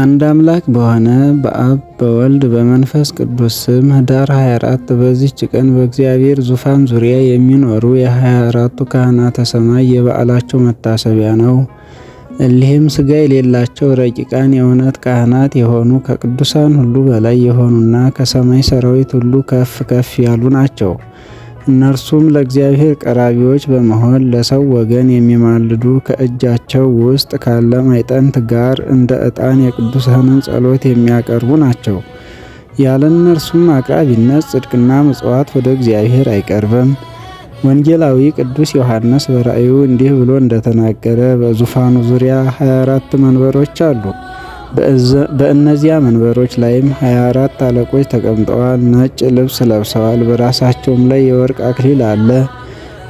አንድ አምላክ በሆነ በአብ በወልድ በመንፈስ ቅዱስ ስም ህዳር 24 በዚች ቀን በእግዚአብሔር ዙፋን ዙሪያ የሚኖሩ የ24ቱ ካህናተ ሰማይ የበዓላቸው መታሰቢያ ነው። እሊህም ሥጋ የሌላቸው ረቂቃን የእውነት ካህናት የሆኑ ከቅዱሳን ሁሉ በላይ የሆኑና ከሰማይ ሰራዊት ሁሉ ከፍ ከፍ ያሉ ናቸው። እነርሱም ለእግዚአብሔር ቀራቢዎች በመሆን ለሰው ወገን የሚማልዱ ከእጃቸው ውስጥ ካለ ማይጠንት ጋር እንደ ዕጣን የቅዱሳንን ጸሎት የሚያቀርቡ ናቸው። ያለ እነርሱም አቅራቢነት ጽድቅና ምጽዋት ወደ እግዚአብሔር አይቀርብም። ወንጌላዊ ቅዱስ ዮሐንስ በራእዩ እንዲህ ብሎ እንደተናገረ በዙፋኑ ዙሪያ 24 መንበሮች አሉ። በእነዚያ መንበሮች ላይም 24 አለቆች ተቀምጠዋል። ነጭ ልብስ ለብሰዋል። በራሳቸውም ላይ የወርቅ አክሊል አለ።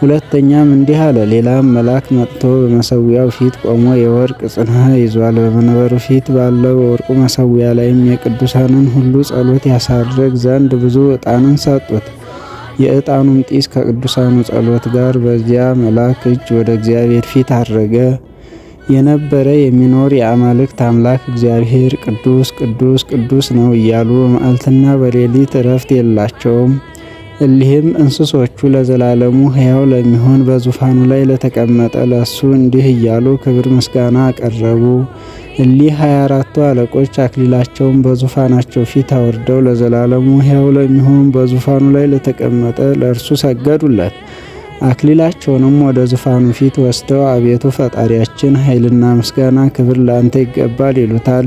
ሁለተኛም እንዲህ አለ። ሌላም መልአክ መጥቶ በመሰዊያው ፊት ቆሞ የወርቅ ጽንሐ ይዟል። በመንበሩ ፊት ባለው ወርቁ መሰዊያ ላይም የቅዱሳንን ሁሉ ጸሎት ያሳርግ ዘንድ ብዙ ዕጣንን ሰጡት። የዕጣኑም ጢስ ከቅዱሳኑ ጸሎት ጋር በዚያ መልአክ እጅ ወደ እግዚአብሔር ፊት አረገ። የነበረ የሚኖር የአማልክት አምላክ እግዚአብሔር ቅዱስ ቅዱስ ቅዱስ ነው እያሉ በመዓልትና በሌሊት እረፍት የላቸውም። እሊህም እንስሶቹ ለዘላለሙ ሕያው ለሚሆን በዙፋኑ ላይ ለተቀመጠ ለሱ እንዲህ እያሉ ክብር ምስጋና አቀረቡ። እሊህ ሀያ አራቱ አለቆች አክሊላቸውን በዙፋናቸው ፊት አውርደው ለዘላለሙ ሕያው ለሚሆን በዙፋኑ ላይ ለተቀመጠ ለእርሱ ሰገዱለት። አክሊላቸውንም ወደ ዙፋኑ ፊት ወስደው አቤቱ ፈጣሪያችን፣ ኃይልና ምስጋና፣ ክብር ለአንተ ይገባል ይሉታል።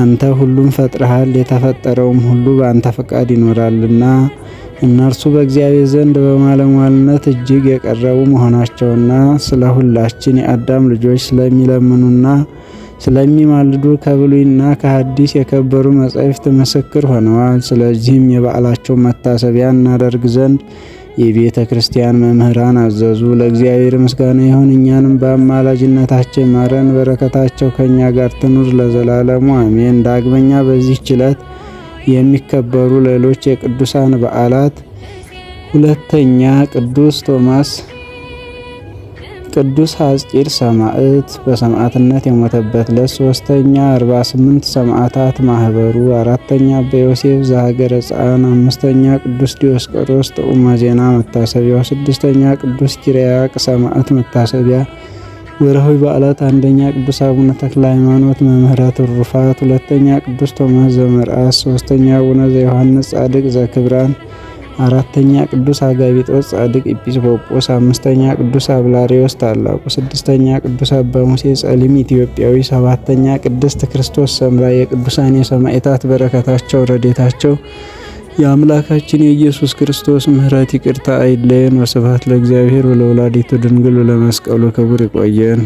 አንተ ሁሉም ፈጥረሃል፣ የተፈጠረውም ሁሉ በአንተ ፈቃድ ይኖራልና። እነርሱ በእግዚአብሔር ዘንድ በማለሟልነት እጅግ የቀረቡ መሆናቸውና ስለ ሁላችን የአዳም ልጆች ስለሚለምኑና ስለሚማልዱ ከብሉይና ከሐዲስ የከበሩ መጻሕፍት ምስክር ሆነዋል። ስለዚህም የበዓላቸው መታሰቢያ እናደርግ ዘንድ የቤተ ክርስቲያን መምህራን አዘዙ። ለእግዚአብሔር ምስጋና ይሁን፣ እኛንም በአማላጅነታቸው ማረን፣ በረከታቸው ከእኛ ጋር ትኑር ለዘላለሙ አሜን። ዳግመኛ በዚህ ችለት የሚከበሩ ሌሎች የቅዱሳን በዓላት ሁለተኛ ቅዱስ ቶማስ ቅዱስ አጽቂር ሰማዕት በሰማዕትነት የሞተበት ዕለት። ሶስተኛ 48 ሰማዕታት ማህበሩ፣ አራተኛ በዮሴፍ ዘሀገረ ጻን፣ አምስተኛ ቅዱስ ዲዮስቆሮስ ጥዑመ ዜና መታሰቢያው፣ ስድስተኛ ቅዱስ ኪርያቅ ሰማዕት መታሰቢያ። ወርሃዊ በዓላት፣ አንደኛ ቅዱስ አቡነ ተክለ ሃይማኖት መምህረ ትሩፋት፣ ሁለተኛ ቅዱስ ቶማስ ዘመርአስ፣ ሶስተኛ አቡነ ዘዮሐንስ ጻድቅ ዘክብራን አራተኛ ቅዱስ አጋቢጦስ ጻድቅ ኢጲስቆጶስ፣ አምስተኛ ቅዱስ አብላሪዮስ ታላቁ፣ ስድስተኛ ቅዱስ አባ ሙሴ ጸሊም ኢትዮጵያዊ፣ ሰባተኛ ቅድስት ክርስቶስ ሰምራ። የቅዱሳን የሰማዕታት በረከታቸው ረዴታቸው የአምላካችን የኢየሱስ ክርስቶስ ምሕረት ይቅርታ አይለየን። ወስብሐት ለእግዚአብሔር ወለወላዲቱ ድንግል ለመስቀሉ ክቡር። ይቆየን።